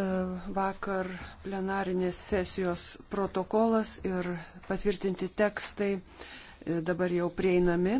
E, vakar plenarinės sesijos protokolas ir patvirtinti tekstai e, dabar jau prieinami.